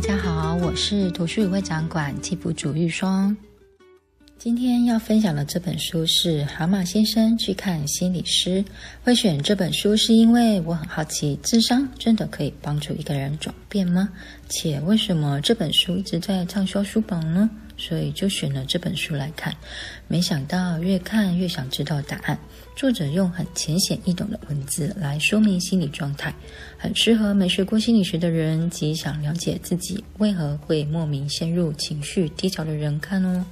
大家好，我是圖書與會展館季輔主玉霜。今天要分享的這本書是《蛤蟆先生去看心理師》。會選這本書是因為我很好奇，諮商真的可以幫助一個人轉變嗎？且為什麼這本書一直在暢銷書榜呢？所以就選了這本書來看。沒想到越看越想知道答案。作者用很淺顯易懂的文字來說明心理狀態，很適合沒學過心理學的人及想了解自己為何會莫名陷入情緒低潮的人看哦。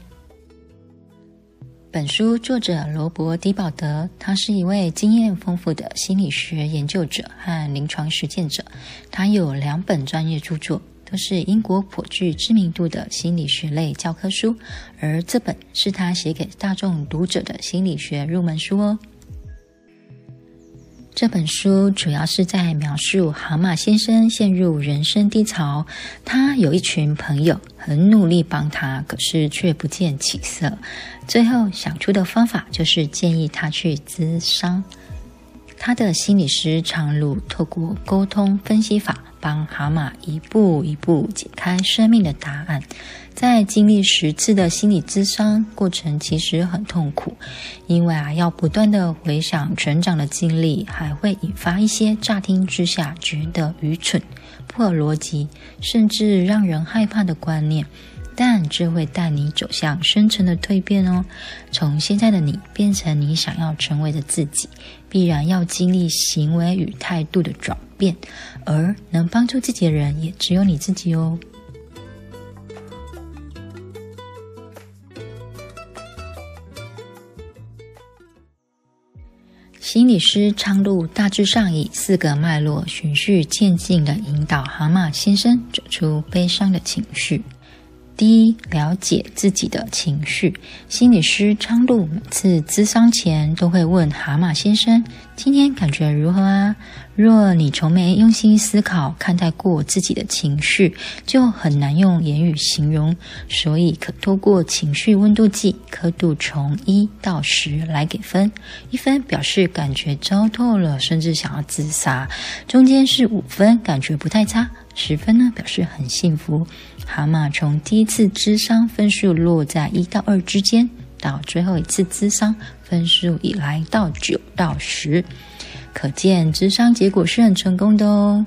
本書作者羅伯·狄保德，他是一位經驗豐富的心理學研究者和臨床實踐者。他有兩本專業著作，都是英國頗具知名度的心理學類教科書，而這本是他寫給大眾讀者的心理學入門書哦。這本書主要是在描述蛤蟆先生陷入人生低潮，他有一群朋友很努力幫他，可是卻不見起色。最後想出的方法就是建議他去諮商。他的心理師蒼鷺，透過溝通分析法，幫蛤蟆一步一步解開生命的答案。在經歷十次的心理諮商過程，其實很痛苦，因為啊，要不斷地回想成長的經歷，還會引發一些乍聽之下覺得愚蠢、不合邏輯，甚至讓人害怕的觀念。但這會帶你走向深層的蛻變哦。從現在的你變成你想要成為的自己，必然要經歷行為與態度的轉變。而能幫助自己的人，也只有你自己哦。心理師蒼鷺大致上以四個脈絡循序漸進地引導蛤蟆先生走出悲傷的情緒。第一，了解自己的情緒。心理師蒼鷺每次諮商前都會問蛤蟆先生：“今天感覺如何啊？”若你從沒用心思考看待過自己的情緒，就很難用言語形容。所以可透過情緒溫度計，刻度從一到十來給分，一分表示感覺糟透了，甚至想要自殺；中間是五分，感覺不太差。十分呢，表示很幸福。蛤蟆從第一次諮商分數落在一到二之間，到最後一次諮商分數已來到九到十，可見諮商結果是很成功的哦。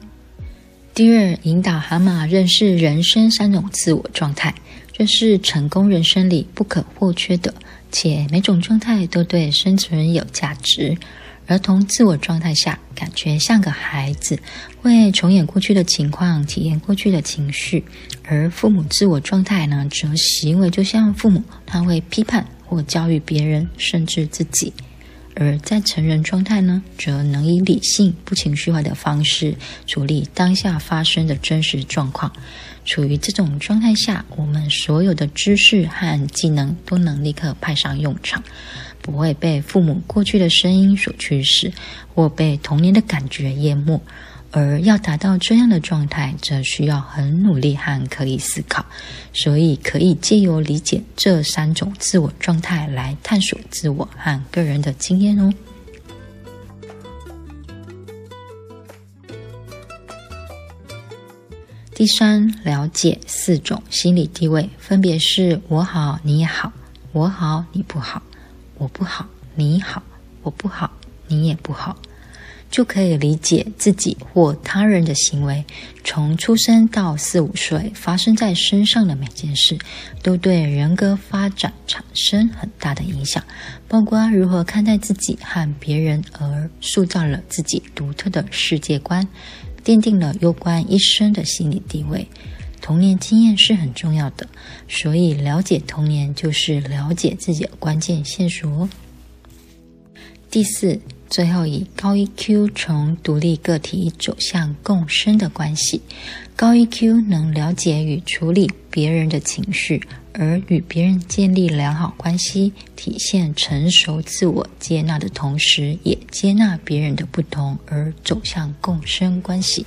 第二，引導蛤蟆認識人生三種自我狀態，這是成功人生裡不可或缺的，且每種狀態都對生存有價值。兒童自我狀態下，感覺像個孩子，會重演過去的情況，體驗過去的情緒；而父母自我狀態呢，則行為就像父母，他會批判或教育別人，甚至自己；而在成人狀態呢，則能以理性、不情緒化的方式處理當下發生的真實狀況。處於這種狀態下，我們所有的知識和技能都能立刻派上用場。不會被父母過去的聲音所驅使，或被童年的感覺淹沒，而要達到這樣的狀態，則需要很努力和可以思考。所以，可以借由理解這三種自我狀態來探索自我和個人的經驗哦。第三，了解四種心理地位，分別是我好你也好，我好你不好。我不好，你好；我不好，你也不好，就可以理解自己或他人的行為。從出生到四五歲，發生在身上的每件事，都對人格發展產生很大的影響，包括如何看待自己和別人，而塑造了自己獨特的世界觀，奠定了攸關一生的心理地位。童年經驗是很重要的，所以了解童年就是了解自己的關鍵線索哦。第四，最後以高 EQ 從獨立個體走向共生的關係。高 EQ 能了解與處理別人的情緒，而與別人建立良好關係，體現成熟自我接納的同時，也接納別人的不同，而走向共生關係。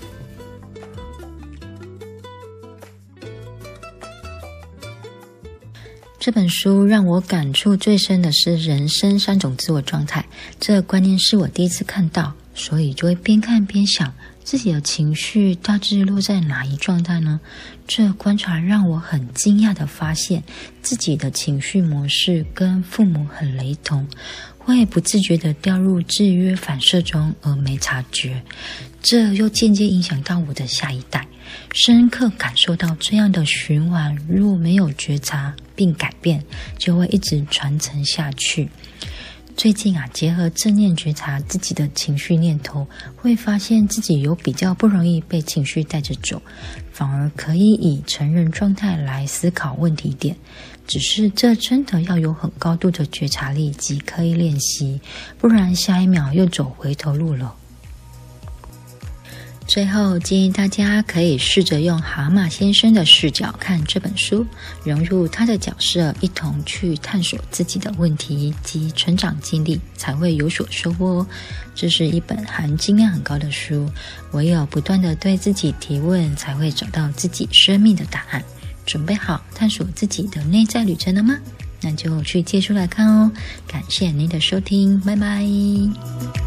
這本書讓我感觸最深的是人生三種自我狀態，這個觀念是我第一次看到。所以就會邊看邊想，自己的情緒大致落在哪一狀態呢？這觀察讓我很驚訝地發現，自己的情緒模式跟父母很雷同，會不自覺地掉入制約反射中而沒察覺，這又間接影響到我的下一代。深刻感受到這樣的循環，若沒有覺察並改變，就會一直傳承下去。最近啊，結合正念覺察自己的情緒念頭，會發現自己有比較不容易被情緒帶着走，反而可以以成人狀態來思考問題點。只是這真的要有很高度的覺察力及刻意練習，不然下一秒又走回頭路了。最後，建議大家可以試着用蛤蟆先生的視角看這本書，融入他的角色，一同去探索自己的問題及成長經歷，才會有所收穫哦。這是一本含金量很高的書，唯有不斷地對自己提問，才會找到自己生命的答案。準備好探索自己的內在旅程了嗎？那就去借書來看哦。感謝您的收聽，拜拜。